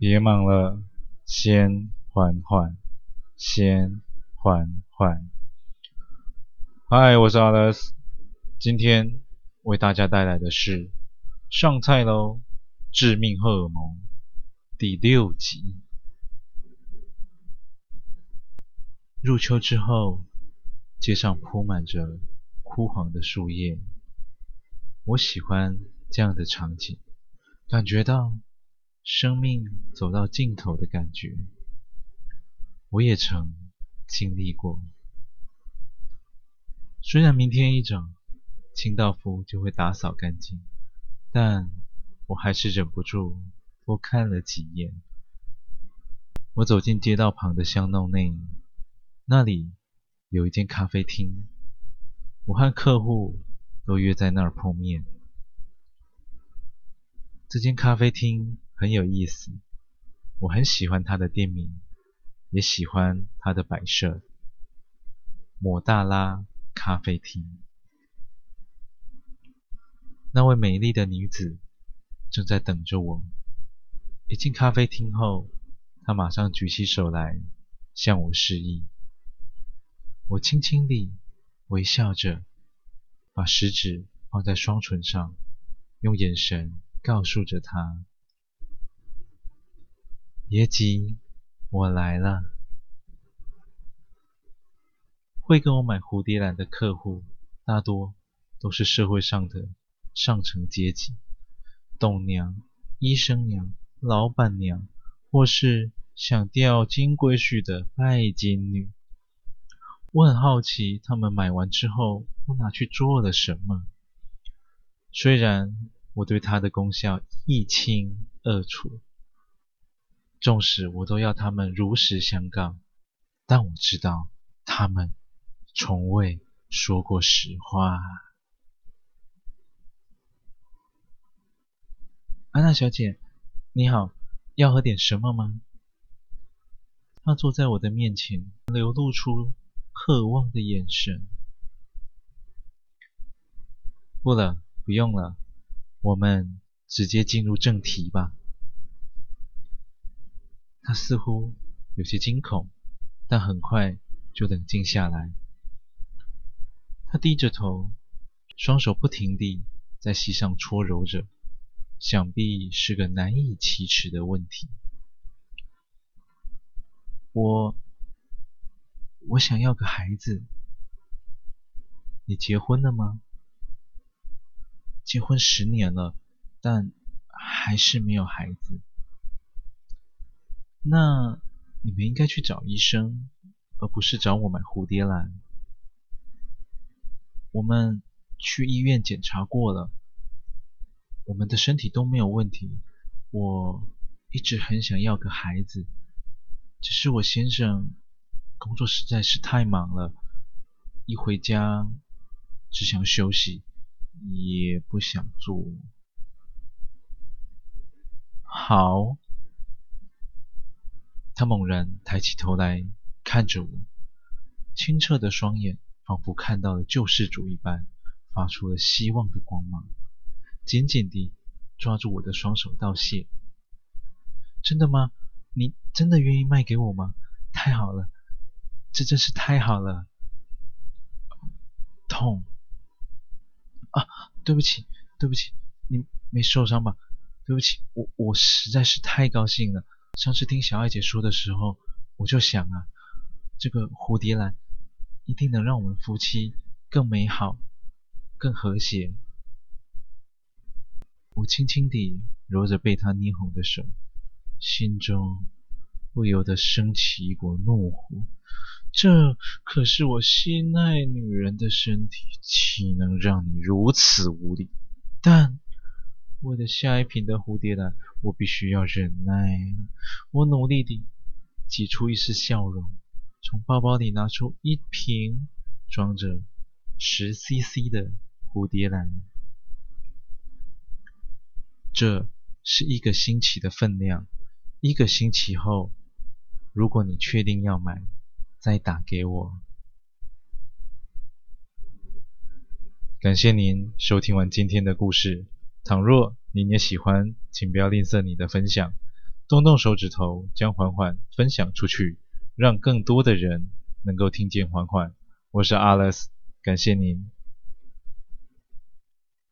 別忙了，先緩緩，先緩緩。嗨，我是 Alex，今天為大家帶來的是《上菜嘍：致命荷爾蒙》第六集。入秋之後，街上鋪滿着枯黃的樹葉，我喜歡這樣的場景，感覺到。生命走到盡頭的感覺，我也曾經歷過。雖然明天一早，清道夫就會打掃乾淨，但我還是忍不住多看了幾眼。我走進街道旁的巷弄內，那裡有一間咖啡廳，我和客戶都約在那兒碰面。這間咖啡廳。很有意思，我很喜歡他的店名，也喜歡他的擺設。抹大拉咖啡廳，那位美麗的女子正在等着我。一進咖啡廳後，她馬上舉起手來向我示意。我輕輕地微笑着，把食指放在雙唇上，用眼神告訴着她。別急，我來了。會跟我買蝴蝶蘭的客戶，大多都是社會上的上層階級，董娘、醫生娘、老闆娘，或是想釣金龜婿的拜金女。我很好奇，他們買完之後都拿去做了什麼。雖然我對它的功效一清二楚。縱使我都要他們如實相告，但我知道他們從未說過實話。安娜小姐，你好，要喝點什麼嗎？他坐在我的面前，流露出渴望的眼神。不了，不用了，我們直接進入正題吧。他似乎有些驚恐，但很快就冷靜下來。他低着頭，雙手不停地在膝上搓揉着，想必是個難以啟齒的問題。我……我想要個孩子。你結婚了嗎？結婚十年了，但還是沒有孩子。那你們應該去找醫生，而不是找我買蝴蝶蘭。我們去醫院檢查過了，我們的身體都沒有問題。我一直很想要個孩子，只是我先生工作實在是太忙了，一回家只想休息，也不想做。好。他猛然抬起頭來看着我，清澈的雙眼仿佛看到了救世主一般，發出了希望的光芒，緊緊地抓住我的雙手道謝：“真的嗎？你真的願意賣給我嗎？太好了，這真是太好了。痛”痛啊！對不起，對不起，你沒受傷吧？對不起，我我實在是太高興了。上次聽小愛姐說的時候，我就想啊，這個蝴蝶蘭一定能讓我們夫妻更美好、更和諧。我輕輕地揉着被他捏紅的手，心中不由得升起一股怒火。這可是我心愛女人的身體，豈能讓你如此無禮？但……為了下一瓶的蝴蝶蘭，我必須要忍耐。我努力地擠出一絲笑容，從包包裡拿出一瓶裝着十 CC 的蝴蝶蘭。這是一個星期的分量，一個星期後，如果你確定要買，再打給我。感謝您收聽完今天的故事。倘若你也喜歡，請不要吝嗇你的分享，動動手指頭，將緩緩分享出去，讓更多的人能夠聽見緩緩。我是 Alex，感謝您。